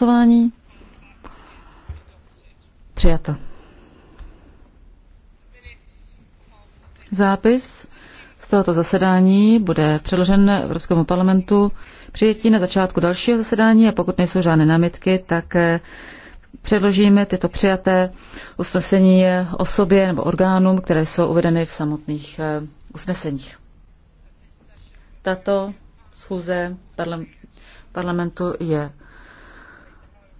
hlasování. Přijato. Zápis z tohoto zasedání bude předložen Evropskému parlamentu přijetí na začátku dalšího zasedání a pokud nejsou žádné námitky, tak eh, předložíme tyto přijaté usnesení eh, osobě nebo orgánům, které jsou uvedeny v samotných eh, usneseních. Tato schůze parlamentu je